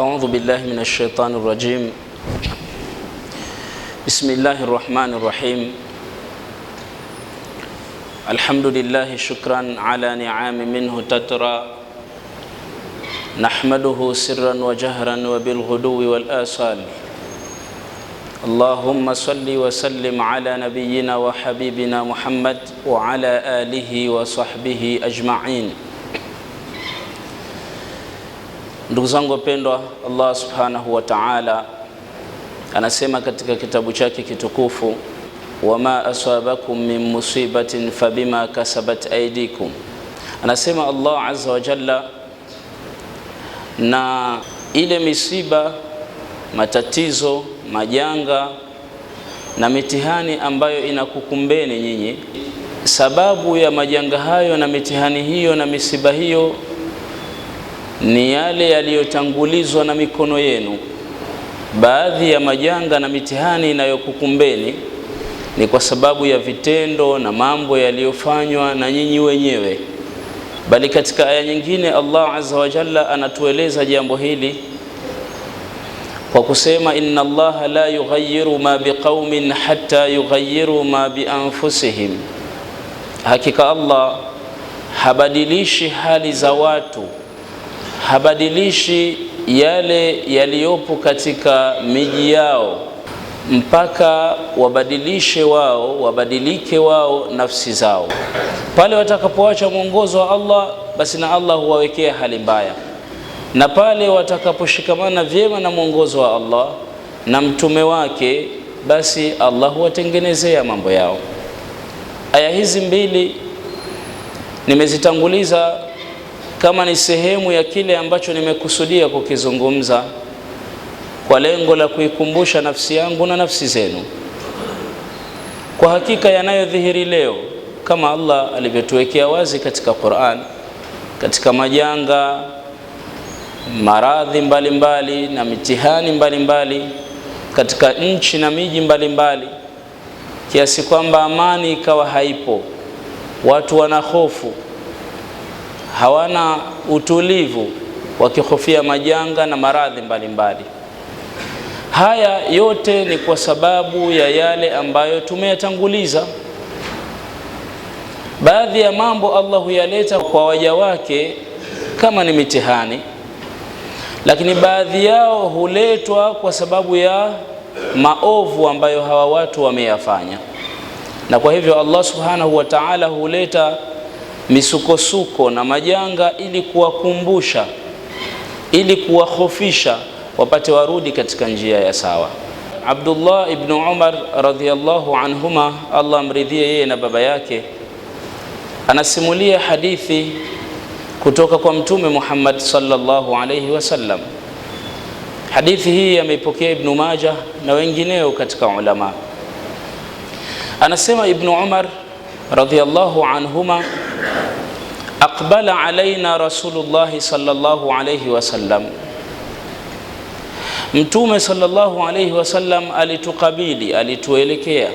أعوذ بالله من الشيطان الرجيم بسم الله الرحمن الرحيم الحمد لله شكرا على نعام منه تترى نحمده سرا وجهرا وبالغدو والآصال اللهم صل وسلم على نبينا وحبيبنا محمد وعلى آله وصحبه أجمعين Ndugu zangu wapendwa, Allah subhanahu wa ta'ala anasema katika kitabu chake kitukufu, wama asabakum min musibatin fabima kasabat aydikum. Anasema Allah azza wa jalla, na ile misiba, matatizo, majanga na mitihani ambayo inakukumbeni nyinyi, sababu ya majanga hayo na mitihani hiyo na misiba hiyo ni yale yaliyotangulizwa na mikono yenu. Baadhi ya majanga na mitihani inayokukumbeni ni kwa sababu ya vitendo na mambo yaliyofanywa na nyinyi wenyewe. Bali katika aya nyingine Allah azza wa jalla anatueleza jambo hili kwa kusema, inna Allah la yughayyiru ma biqaumin hatta yughayyiru ma bianfusihim, hakika Allah habadilishi hali za watu habadilishi yale yaliyopo katika miji yao mpaka wabadilishe wao, wabadilike wao nafsi zao. Pale watakapoacha mwongozo wa Allah, basi na Allah huwawekea hali mbaya, na pale watakaposhikamana vyema na mwongozo wa Allah na mtume wake, basi Allah huwatengenezea mambo yao. Aya hizi mbili nimezitanguliza kama ni sehemu ya kile ambacho nimekusudia kukizungumza kwa lengo la kuikumbusha nafsi yangu na nafsi zenu. Kwa hakika yanayodhihiri leo kama Allah alivyotuwekea wazi katika Qur'an, katika majanga, maradhi mbalimbali na mitihani mbalimbali mbali, katika nchi na miji mbalimbali kiasi kwamba amani ikawa haipo, watu wana hofu hawana utulivu, wakihofia majanga na maradhi mbalimbali. Haya yote ni kwa sababu ya yale ambayo tumeyatanguliza. Baadhi ya mambo Allah huyaleta kwa waja wake kama ni mitihani, lakini baadhi yao huletwa kwa sababu ya maovu ambayo hawa watu wameyafanya, na kwa hivyo Allah subhanahu wa ta'ala huleta misukosuko na majanga, ili kuwakumbusha, ili kuwahofisha wapate warudi katika njia ya sawa. Abdullah ibn Umar radhiyallahu anhuma, Allah amridhie yeye na baba yake, anasimulia hadithi kutoka kwa Mtume Muhammad sallallahu alayhi wasallam. Hadithi hii ameipokea Ibn Majah na wengineo katika ulama. Anasema Ibnu Umar radhiyallahu anhuma أقبل علينا رسول الله صلى الله عليه وسلم متومة صلى الله عليه وسلم ألتقبيلي ألتوالكيا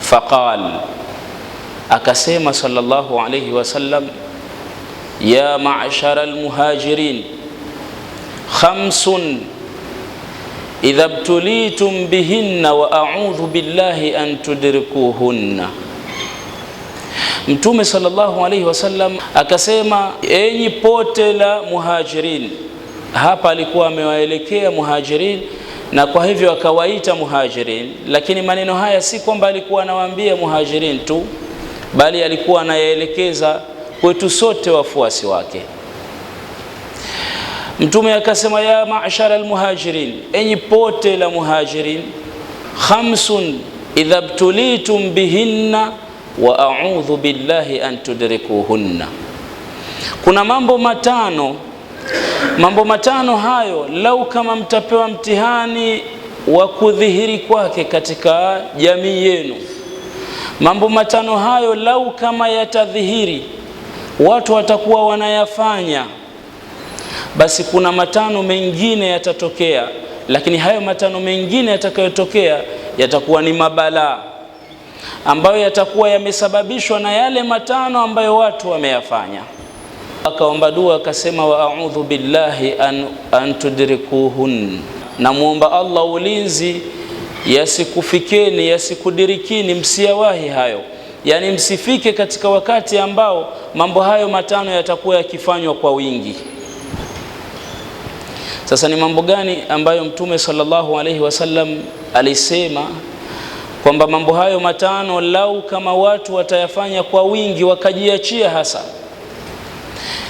فقال أكسيم صلى الله عليه وسلم يا معشر المهاجرين خمس إذا ابتليتم بهن وأعوذ بالله أن تدركوهن Mtume sallallahu alayhi wasallam akasema, enyi pote la muhajirin. Hapa alikuwa amewaelekea muhajirin na kwa hivyo akawaita muhajirin, lakini maneno haya si kwamba alikuwa anawaambia muhajirin tu, bali alikuwa anayaelekeza kwetu sote wafuasi wake. Mtume akasema, ya ma'shara almuhajirin, enyi pote la muhajirin, khamsun idha bihinna wa a'udhu billahi an tudrikuhunna. Kuna mambo matano, mambo matano hayo, lau kama mtapewa mtihani wa kudhihiri kwake katika jamii yenu, mambo matano hayo lau kama yatadhihiri, watu watakuwa wanayafanya, basi kuna matano mengine yatatokea, lakini hayo matano mengine yatakayotokea yatakuwa ni mabalaa ambayo yatakuwa yamesababishwa na yale matano ambayo watu wameyafanya. Akaomba dua akasema, wa a'udhu billahi an, an tudrikuhun, namwomba Allah ulinzi yasikufikeni yasikudirikini, msiyawahi hayo, yani msifike katika wakati ambao mambo hayo matano yatakuwa yakifanywa kwa wingi. Sasa ni mambo gani ambayo Mtume sallallahu alaihi wasallam alisema kwamba mambo hayo matano lau kama watu watayafanya kwa wingi wakajiachia hasa,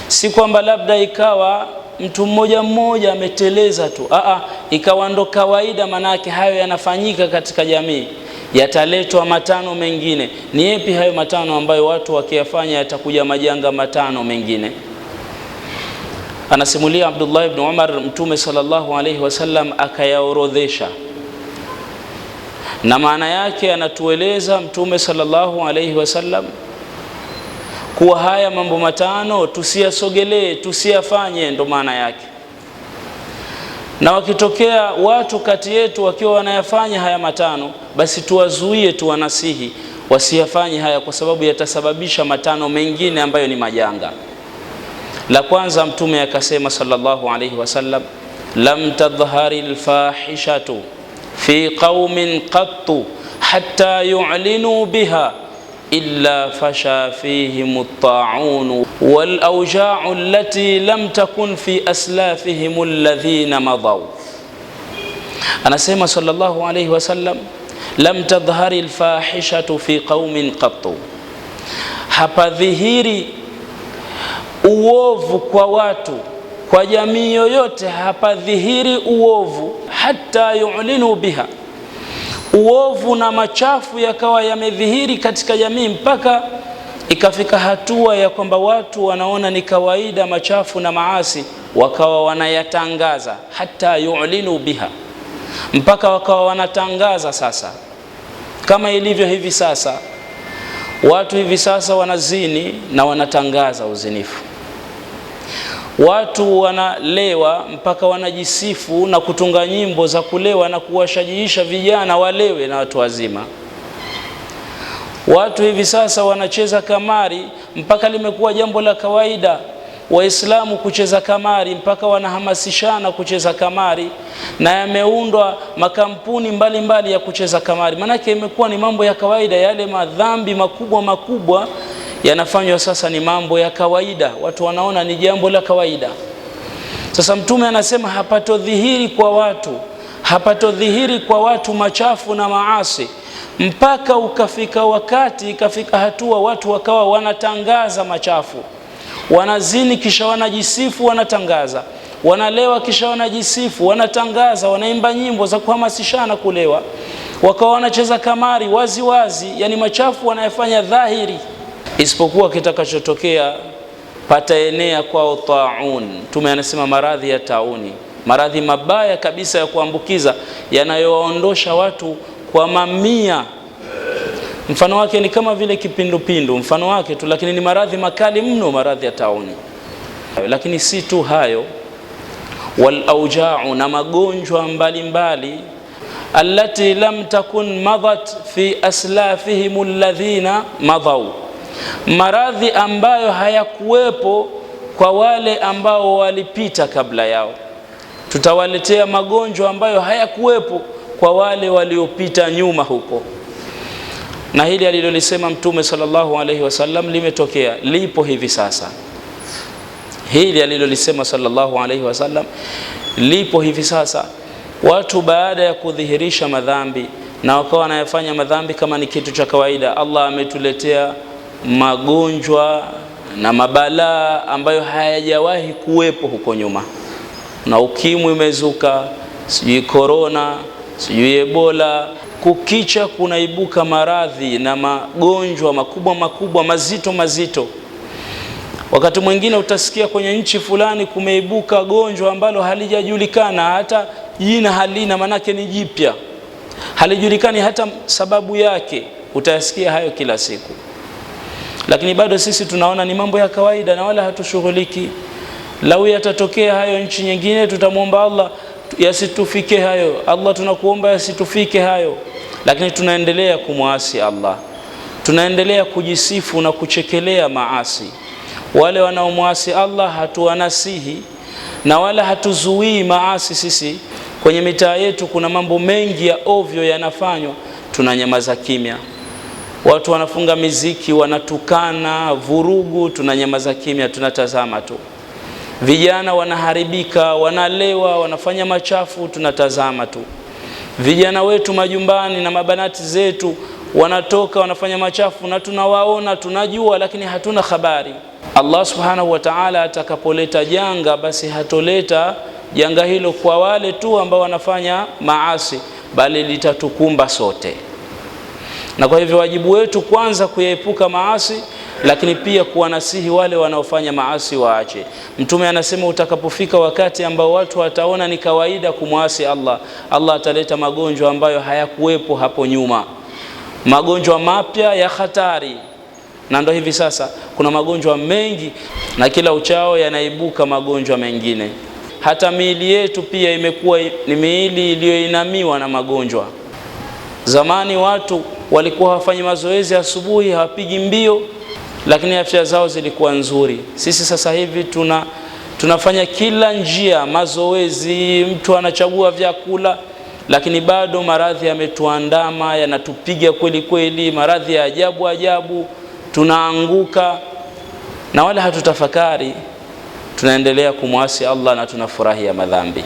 si kwamba labda ikawa mtu mmoja mmoja ameteleza tu, aa, ikawa ndo kawaida. Manake hayo yanafanyika katika jamii, yataletwa matano mengine. Ni yepi hayo matano ambayo watu wakiyafanya yatakuja majanga matano mengine? Anasimulia Abdullah ibn Umar, Mtume sallallahu alaihi wasallam akayaorodhesha na maana yake anatueleza Mtume sallallahu alayhi wasallam kuwa haya mambo matano tusiyasogelee, tusiyafanye, ndo maana yake. Na wakitokea watu kati yetu wakiwa wanayafanya haya matano, basi tuwazuie, tuwanasihi wasiyafanye haya, kwa sababu yatasababisha matano mengine ambayo ni majanga. La kwanza, Mtume akasema sallallahu alayhi wasallam, lam tadhhari lfahishatu في قوم قط حتى يعلنوا بها إلا فشى فيهم الطاعون والأوجاع التي لم تكن في أسلافهم الذين مضوا أنا سيما صلى الله عليه وسلم لم تظهر الفاحشة في قوم قط hapa dhihiri uovu kwa watu kwa jamii yoyote hapa dhihiri uovu hatta yu'linu biha, uovu na machafu yakawa yamedhihiri katika jamii mpaka ikafika hatua ya kwamba watu wanaona ni kawaida machafu na maasi, wakawa wanayatangaza. Hatta yu'linu biha, mpaka wakawa wanatangaza. Sasa kama ilivyo hivi sasa, watu hivi sasa wanazini na wanatangaza uzinifu Watu wanalewa mpaka wanajisifu na kutunga nyimbo za kulewa na kuwashajiisha vijana walewe na watu wazima. Watu hivi sasa wanacheza kamari mpaka limekuwa jambo la kawaida Waislamu kucheza kamari mpaka wanahamasishana kucheza kamari, na yameundwa makampuni mbalimbali mbali ya kucheza kamari. Maanake imekuwa ni mambo ya kawaida, yale madhambi makubwa makubwa yanafanywa sasa ni mambo ya kawaida, watu wanaona ni jambo la kawaida. Sasa Mtume anasema hapatodhihiri kwa watu, hapatodhihiri kwa watu machafu na maasi mpaka ukafika wakati, ikafika hatua watu wakawa wanatangaza machafu. Wanazini kisha wanajisifu, wanatangaza wanalewa kisha wanajisifu, wanatangaza, wanaimba nyimbo za kuhamasishana kulewa, wakawa wanacheza kamari wazi wazi, yani machafu wanayofanya dhahiri isipokuwa kitakachotokea pataenea kwao taun. Mtume anasema maradhi ya tauni, maradhi mabaya kabisa ya kuambukiza yanayowaondosha watu kwa mamia. Mfano wake ni kama vile kipindupindu, mfano wake tu, lakini ni maradhi makali mno, maradhi ya tauni. Lakini si tu hayo, wal aujau, na magonjwa mbalimbali allati lam takun madhat fi aslafihim alladhina madhau maradhi ambayo hayakuwepo kwa wale ambao walipita kabla yao. Tutawaletea magonjwa ambayo hayakuwepo kwa wale waliopita nyuma huko. Na hili alilolisema Mtume sallallahu alaihi wasallam limetokea, lipo hivi sasa. Hili alilolisema sallallahu alaihi wasallam lipo hivi sasa. Watu baada ya kudhihirisha madhambi na wakawa wanayafanya madhambi kama ni kitu cha kawaida, Allah ametuletea magonjwa na mabalaa ambayo hayajawahi kuwepo huko nyuma, na ukimwi umezuka sijui korona, sijui ebola. Kukicha kunaibuka maradhi na magonjwa makubwa makubwa mazito mazito. Wakati mwingine utasikia kwenye nchi fulani kumeibuka gonjwa ambalo halijajulikana, hata jina halina, manake ni jipya, halijulikani hata sababu yake. Utayasikia hayo kila siku lakini bado sisi tunaona ni mambo ya kawaida na wala hatushughuliki. Lau yatatokea hayo nchi nyingine, tutamwomba Allah yasitufike hayo. Allah, tunakuomba yasitufike hayo, lakini tunaendelea kumwasi Allah, tunaendelea kujisifu na kuchekelea maasi. Wale wanaomwasi Allah hatuwanasihi na wala hatuzuii maasi. Sisi kwenye mitaa yetu kuna mambo mengi ya ovyo yanafanywa, tunanyamaza kimya. Watu wanafunga miziki, wanatukana, vurugu, tunanyamaza kimya, tunatazama tu. Vijana wanaharibika, wanalewa, wanafanya machafu, tunatazama tu. Vijana wetu majumbani na mabanati zetu wanatoka wanafanya machafu na tunawaona, tunajua, lakini hatuna habari. Allah subhanahu wa ta'ala atakapoleta janga, basi hatoleta janga hilo kwa wale tu ambao wanafanya maasi, bali litatukumba sote. Na kwa hivyo wajibu wetu kwanza kuyaepuka maasi, lakini pia kuwanasihi wale wanaofanya maasi waache. Mtume anasema utakapofika wakati ambao watu wataona ni kawaida kumwasi Allah, Allah ataleta magonjwa ambayo hayakuwepo hapo nyuma, magonjwa mapya ya hatari na ndo hivi sasa kuna magonjwa mengi, na kila uchao yanaibuka magonjwa mengine. Hata miili yetu pia imekuwa ni miili iliyoinamiwa na magonjwa. Zamani watu walikuwa hawafanyi mazoezi asubuhi, hawapigi mbio, lakini afya zao zilikuwa nzuri. Sisi sasa hivi tuna tunafanya kila njia mazoezi, mtu anachagua vyakula, lakini bado maradhi yametuandama, yanatupiga kweli kweli, maradhi ya ajabu ajabu, tunaanguka na wala hatutafakari, tunaendelea kumwasi Allah na tunafurahia madhambi.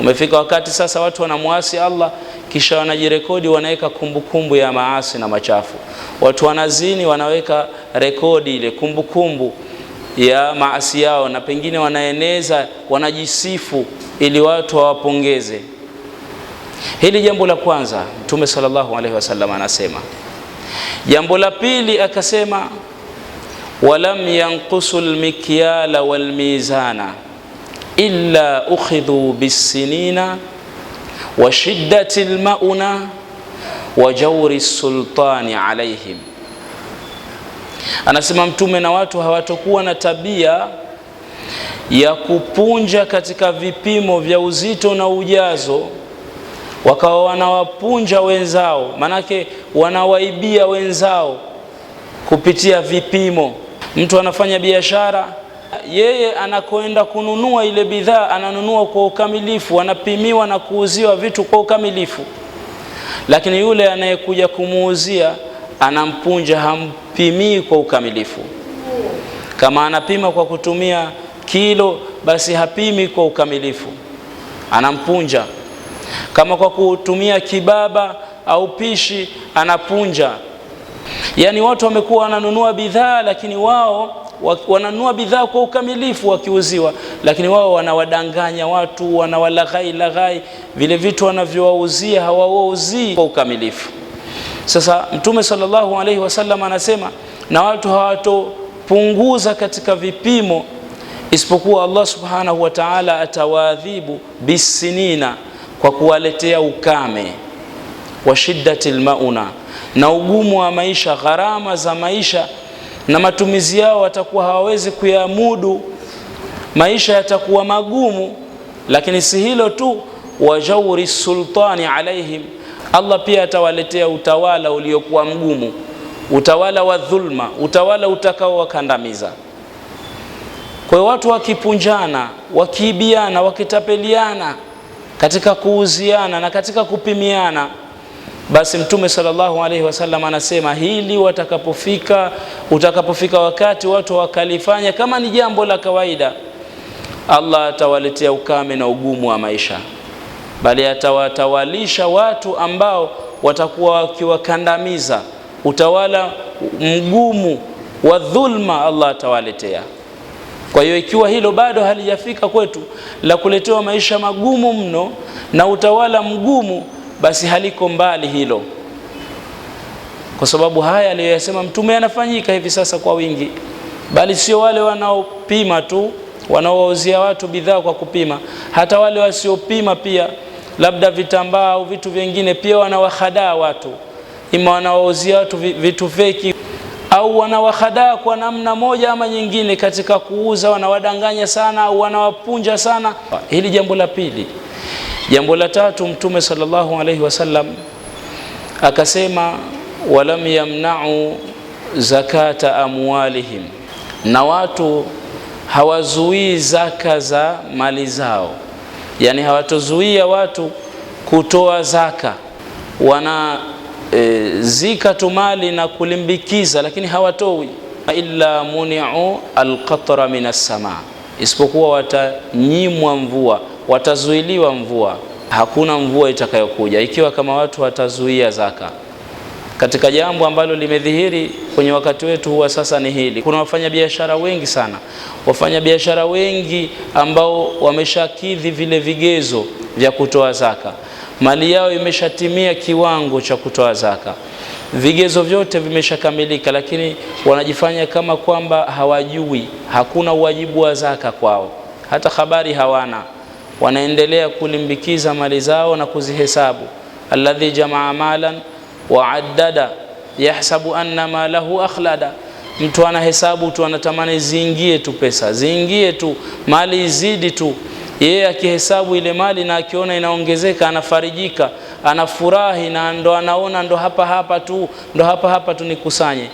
Umefika wakati sasa watu wanamwasi Allah kisha wanajirekodi, wanaweka kumbukumbu ya maasi na machafu. Watu wanazini, wanaweka rekodi ile kumbukumbu ya maasi yao, na pengine wanaeneza, wanajisifu ili watu wawapongeze. Hili jambo la kwanza, Mtume sallallahu alaihi wasallam anasema. Jambo la pili akasema, walam yanqusu lmikyala walmizana illa ukhidhu bisinina wa shiddati almauna wa jauri sultani alaihim, anasema Mtume, na watu hawatokuwa na tabia ya kupunja katika vipimo vya uzito na ujazo, wakawa wanawapunja wenzao, manake wanawaibia wenzao kupitia vipimo. Mtu anafanya biashara yeye anakoenda kununua ile bidhaa ananunua kwa ukamilifu, anapimiwa na kuuziwa vitu kwa ukamilifu, lakini yule anayekuja kumuuzia anampunja, hampimii kwa ukamilifu. Kama anapima kwa kutumia kilo, basi hapimi kwa ukamilifu, anampunja. Kama kwa kutumia kibaba au pishi, anapunja. Yaani watu wamekuwa wananunua bidhaa, lakini wao wananua bidhaa kwa ukamilifu wakiuziwa, lakini wao wanawadanganya watu, wanawalaghai laghai, vile vitu wanavyowauzia hawawauzii kwa ukamilifu. Sasa Mtume sallallahu alaihi wasallam anasema, na watu hawatopunguza katika vipimo, isipokuwa Allah subhanahu wa ta'ala atawaadhibu bisinina, kwa kuwaletea ukame wa shiddatil lmauna, na ugumu wa maisha, gharama za maisha na matumizi yao watakuwa hawawezi kuyamudu, maisha yatakuwa magumu. Lakini si hilo tu, wajauri sultani alaihim, Allah pia atawaletea utawala uliokuwa mgumu, utawala wa dhulma, utawala utakaowakandamiza. Kwa hiyo watu wakipunjana, wakiibiana, wakitapeliana, katika kuuziana na katika kupimiana basi Mtume sallallahu alaihi wasallam anasema hili, watakapofika utakapofika wakati watu wakalifanya kama ni jambo la kawaida, Allah atawaletea ukame na ugumu wa maisha, bali atawatawalisha watu ambao watakuwa wakiwakandamiza, utawala mgumu wa dhulma Allah atawaletea. Kwa hiyo ikiwa hilo bado halijafika kwetu la kuletewa maisha magumu mno na utawala mgumu basi haliko mbali hilo, kwa sababu haya aliyoyasema Mtume yanafanyika hivi sasa kwa wingi, bali sio wale wanaopima tu, wanaowauzia watu bidhaa kwa kupima, hata wale wasiopima pia, labda vitambaa au vitu vingine, pia wanawahadaa watu, ima wanawauzia watu vitu feki au wanawahadaa kwa namna moja ama nyingine katika kuuza, wanawadanganya sana au wanawapunja sana. Hili jambo la pili. Jambo la tatu, Mtume sallallahu alaihi wasallam akasema, walam yamnau zakata amwalihim, na watu hawazuii zaka za mali zao, yani hawatozuia watu kutoa zaka, wanazika e, tu mali na kulimbikiza, lakini hawatoi illa muniu alqatra min assamaa, isipokuwa watanyimwa mvua watazuiliwa mvua, hakuna mvua itakayokuja ikiwa kama watu watazuia zaka. Katika jambo ambalo limedhihiri kwenye wakati wetu huwa sasa ni hili, kuna wafanyabiashara wengi sana, wafanyabiashara wengi ambao wameshakidhi vile vigezo vya kutoa zaka, mali yao imeshatimia kiwango cha kutoa zaka, vigezo vyote vimeshakamilika, lakini wanajifanya kama kwamba hawajui, hakuna uwajibu wa zaka kwao, hata habari hawana wanaendelea kulimbikiza mali zao na kuzihesabu. Alladhi jamaa malan wa addada yahsabu anna malahu akhlada, mtu anahesabu tu, anatamani ziingie tu pesa, ziingie tu, mali izidi tu. Yeye akihesabu ile mali na akiona inaongezeka, anafarijika, anafurahi, na ndo anaona ndo hapa hapa tu, ndo hapa hapa tu nikusanye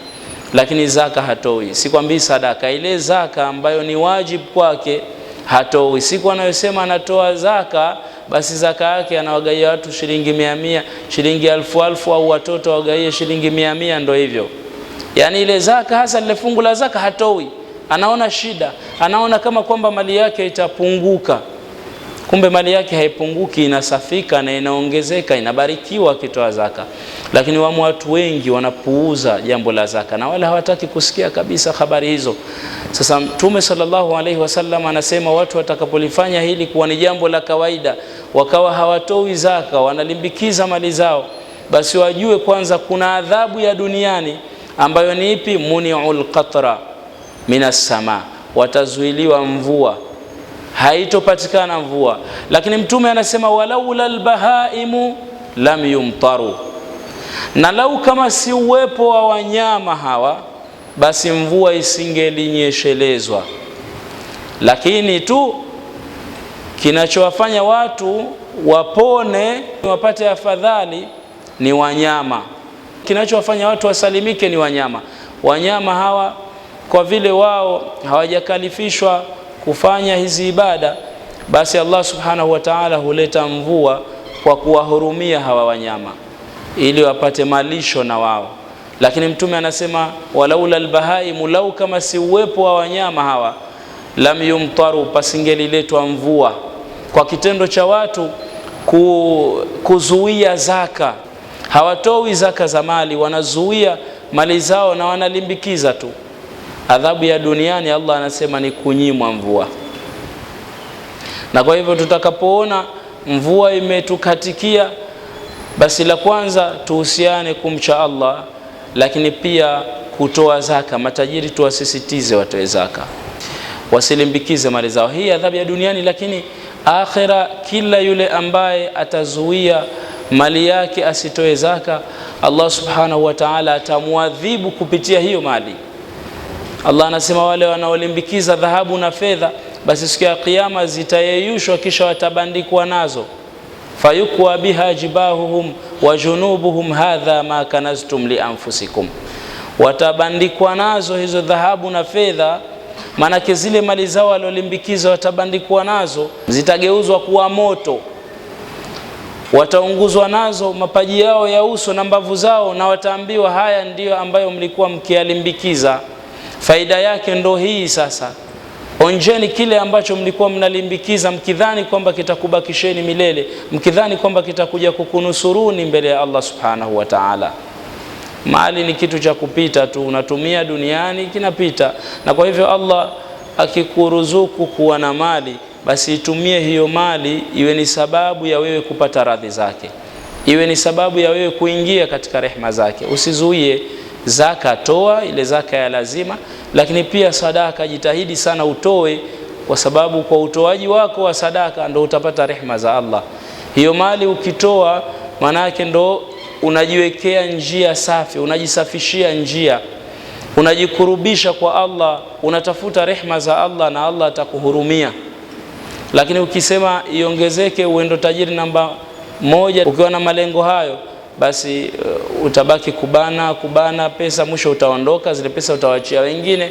lakini zaka hatoi. Sikwambii sadaka, ile zaka ambayo ni wajibu kwake hatoi. Siku anayosema anatoa zaka, basi zaka yake anawagaia watu shilingi mia mia, shilingi alfu alfu, au watoto awagaie shilingi mia mia, ndo hivyo. Yani ile zaka hasa lile fungu la zaka hatoi, anaona shida, anaona kama kwamba mali yake itapunguka kumbe mali yake haipunguki, inasafika na inaongezeka, inabarikiwa akitoa zaka. Lakini wamo watu wengi wanapuuza jambo la zaka na wala hawataki kusikia kabisa habari hizo. Sasa Mtume sallallahu alaihi wasallam anasema watu watakapolifanya hili kuwa ni jambo la kawaida, wakawa hawatoi zaka, wanalimbikiza mali zao, basi wajue kwanza kuna adhabu ya duniani ambayo ni ipi? Muniul qatra minas sama, watazuiliwa mvua haitopatikana mvua. Lakini Mtume anasema walaula lbahaimu lam yumtaru, na lau kama si uwepo wa wanyama hawa basi mvua isingelinyeshelezwa. Lakini tu kinachowafanya watu wapone wapate afadhali ni wanyama. Kinachowafanya watu wasalimike ni wanyama. Wanyama hawa kwa vile wao hawajakalifishwa kufanya hizi ibada, basi Allah subhanahu wa ta'ala huleta mvua kwa kuwahurumia hawa wanyama ili wapate malisho na wao. Lakini Mtume anasema walaula albahaimu, lau kama si uwepo wa wanyama hawa lam yumtaru, pasingeliletwa mvua. Kwa kitendo cha watu ku, kuzuia zaka, hawatoi zaka za mali, wanazuia mali zao na wanalimbikiza tu. Adhabu ya duniani Allah anasema ni kunyimwa mvua, na kwa hivyo tutakapoona mvua imetukatikia, basi la kwanza tuhusiane kumcha Allah, lakini pia kutoa zaka. Matajiri tuwasisitize watoe zaka, wasilimbikize mali zao. Hii adhabu ya duniani, lakini akhira, kila yule ambaye atazuia mali yake asitoe zaka, Allah subhanahu wa ta'ala atamwadhibu kupitia hiyo mali. Allah anasema wale wanaolimbikiza dhahabu na fedha, basi siku ya Kiyama zitayeyushwa kisha watabandikwa nazo. fayukwa biha jibahuhum wa junubuhum hadha ma kanaztum li anfusikum, watabandikwa nazo hizo dhahabu na fedha. Maanake zile mali zao waliolimbikiza watabandikwa nazo, zitageuzwa kuwa moto wataunguzwa nazo mapaji yao ya uso na mbavu zao, na wataambiwa haya ndiyo ambayo mlikuwa mkiyalimbikiza. Faida yake ndo hii sasa. Onjeni kile ambacho mlikuwa mnalimbikiza mkidhani kwamba kitakubakisheni milele, mkidhani kwamba kitakuja kukunusuruni mbele ya Allah subhanahu wa ta'ala. Mali ni kitu cha kupita tu, unatumia duniani kinapita. Na kwa hivyo Allah akikuruzuku kuwa na mali, basi itumie hiyo mali iwe ni sababu ya wewe kupata radhi zake, iwe ni sababu ya wewe kuingia katika rehma zake, usizuie Zaka toa ile zaka ya lazima, lakini pia sadaka jitahidi sana utoe, kwa sababu kwa utoaji wako wa sadaka ndo utapata rehma za Allah. Hiyo mali ukitoa, yake ndo unajiwekea njia safi, unajisafishia njia, unajikurubisha kwa Allah, unatafuta rehma za Allah na Allah atakuhurumia. Lakini ukisema iongezeke, uendo tajiri namba moja, ukiwa na malengo hayo basi uh, utabaki kubana kubana pesa, mwisho utaondoka, zile pesa utawachia wengine.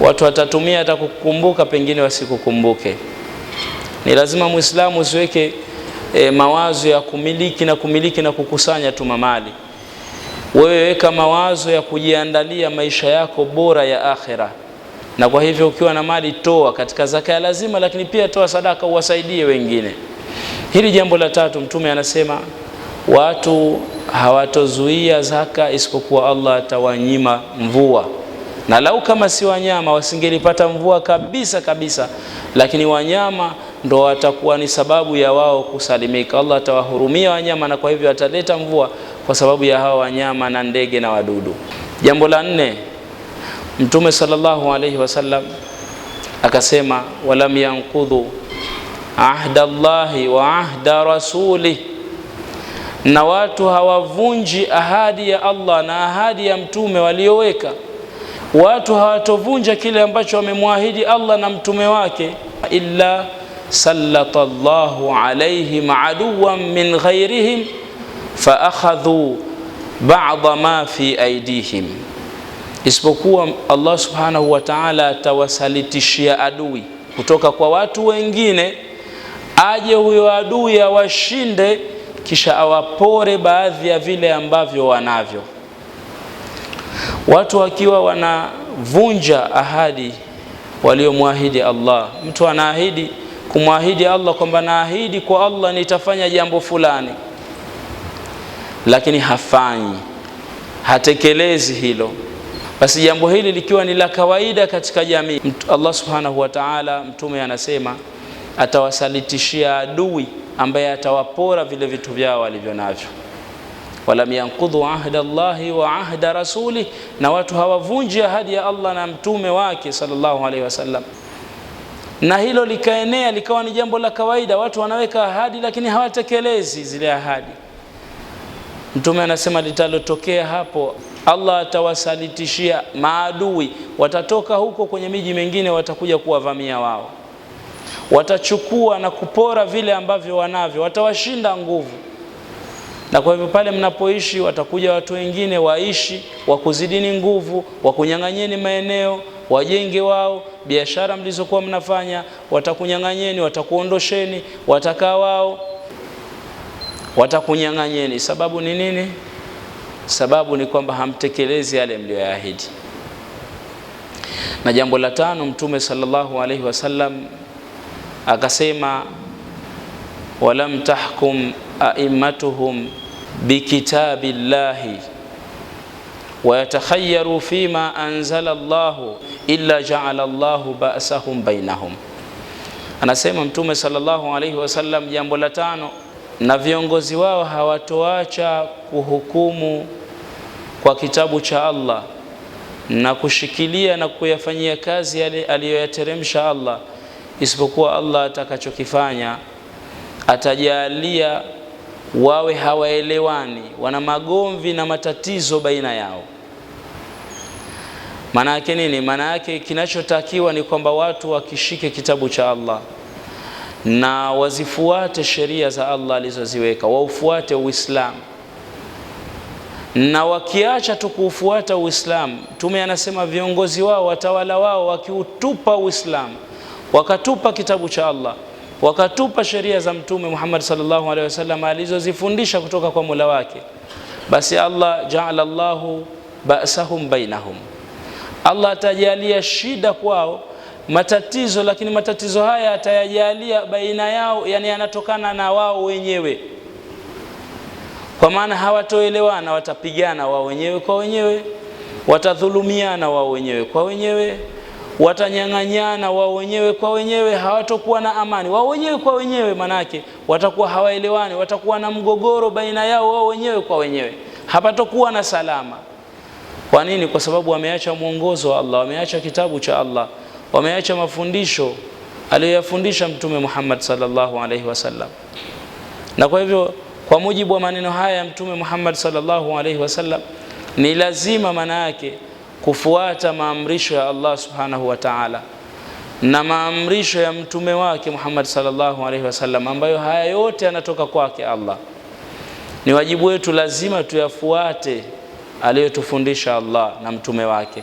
Watu watatumia hata kukumbuka, pengine wasikukumbuke. Ni lazima Muislamu usiweke eh, mawazo ya kumiliki na kumiliki na kukusanya tu mali Wewe weka mawazo ya kujiandalia maisha yako bora ya akhera, na kwa hivyo ukiwa na mali toa katika zaka ya lazima, lakini pia toa sadaka uwasaidie wengine. Hili jambo la tatu, Mtume anasema watu hawatozuia zaka isipokuwa Allah atawanyima mvua, na lau kama si wanyama wasingelipata mvua kabisa kabisa, lakini wanyama ndo watakuwa ni sababu ya wao kusalimika. Allah atawahurumia wanyama, na kwa hivyo ataleta mvua kwa sababu ya hawa wanyama na ndege na wadudu. Jambo la nne, Mtume sallallahu alaihi wasallam akasema, walam yankudhu ahda llahi wa ahda rasulih na watu hawavunji ahadi ya Allah na ahadi ya mtume walioweka. Watu hawatovunja kile ambacho wamemwahidi Allah na mtume wake, illa sallata llahu alaihim aduwan min ghairihim akhadhu bada ma fi aidihim, isipokuwa Allah subhanahu wa ta'ala atawasalitishia adui kutoka kwa watu wengine, aje huyo adui awashinde kisha awapore baadhi ya vile ambavyo wanavyo. Watu wakiwa wanavunja ahadi waliomwahidi Allah, mtu anaahidi kumwahidi Allah kwamba naahidi kwa Allah nitafanya jambo fulani, lakini hafanyi, hatekelezi hilo, basi jambo hili likiwa ni la kawaida katika jamii, Allah subhanahu wa ta'ala, mtume anasema atawasalitishia adui ambaye atawapora vile vitu vyao walivyo navyo. Walam yankudhu ahda Allahi wa ahda rasuli na watu hawavunji ahadi ya Allah na mtume wake sallallahu alaihi wasallam. Na hilo likaenea likawa ni jambo la kawaida, watu wanaweka ahadi lakini hawatekelezi zile ahadi. Mtume anasema litalotokea hapo, Allah atawasalitishia maadui, watatoka huko kwenye miji mingine, watakuja kuwavamia wao watachukua na kupora vile ambavyo wanavyo, watawashinda nguvu. Na kwa hivyo pale mnapoishi watakuja watu wengine waishi, wakuzidini nguvu, wakunyang'anyeni maeneo, wajenge wao. Biashara mlizokuwa mnafanya watakunyang'anyeni, watakuondosheni, watakaa wao, watakunyang'anyeni. Sababu ni nini? Sababu ni kwamba hamtekelezi yale mliyoyaahidi. Na jambo la tano, Mtume sallallahu alaihi wasallam akasema walam tahkum aimmatuhum bikitabi llahi wayatakhayaru fima anzala llahu illa jaala llahu basahum bainahum. Anasema Mtume sallallahu alaihi wasallam, jambo la tano, na viongozi wao hawatoacha kuhukumu kwa kitabu cha Allah na kushikilia na kuyafanyia kazi yale aliyoyateremsha Allah isipokuwa Allah atakachokifanya atajalia wawe hawaelewani, wana magomvi na matatizo baina yao. Maana yake nini? Maana yake kinachotakiwa ni kwamba watu wakishike kitabu cha Allah na wazifuate sheria za Allah alizoziweka, waufuate Uislamu na wakiacha tu kuufuata Uislamu, Mtume anasema viongozi wao, watawala wao, wakiutupa Uislamu wakatupa kitabu cha Allah wakatupa sheria za Mtume Muhammad sallallahu alaihi wasallam alizozifundisha kutoka kwa Mola wake, basi Allah jaala llahu basahum bainahum, Allah atajalia shida kwao, matatizo. Lakini matatizo haya atayajalia baina yao, yani yanatokana na wao wenyewe, kwa maana hawatoelewana, watapigana wao wenyewe kwa wenyewe, watadhulumiana wao wenyewe kwa wenyewe watanyang'anyana wao wenyewe kwa wenyewe, hawatokuwa na amani wao wenyewe kwa wenyewe, manake watakuwa hawaelewani, watakuwa na mgogoro baina yao wao wenyewe kwa wenyewe, hapatokuwa na salama. Kwa nini? Kwa sababu wameacha mwongozo wa Allah, wameacha kitabu cha Allah, wameacha mafundisho aliyoyafundisha Mtume Muhammad sallallahu alaihi wasallam. Na kwa hivyo, kwa mujibu wa maneno haya ya Mtume Muhammad sallallahu alaihi wasallam, ni lazima maana yake kufuata maamrisho ya Allah subhanahu wa ta'ala na maamrisho ya mtume wake Muhammad sallallahu alaihi wasallam, ambayo haya yote yanatoka kwake Allah. Ni wajibu wetu lazima tuyafuate aliyotufundisha Allah na mtume wake.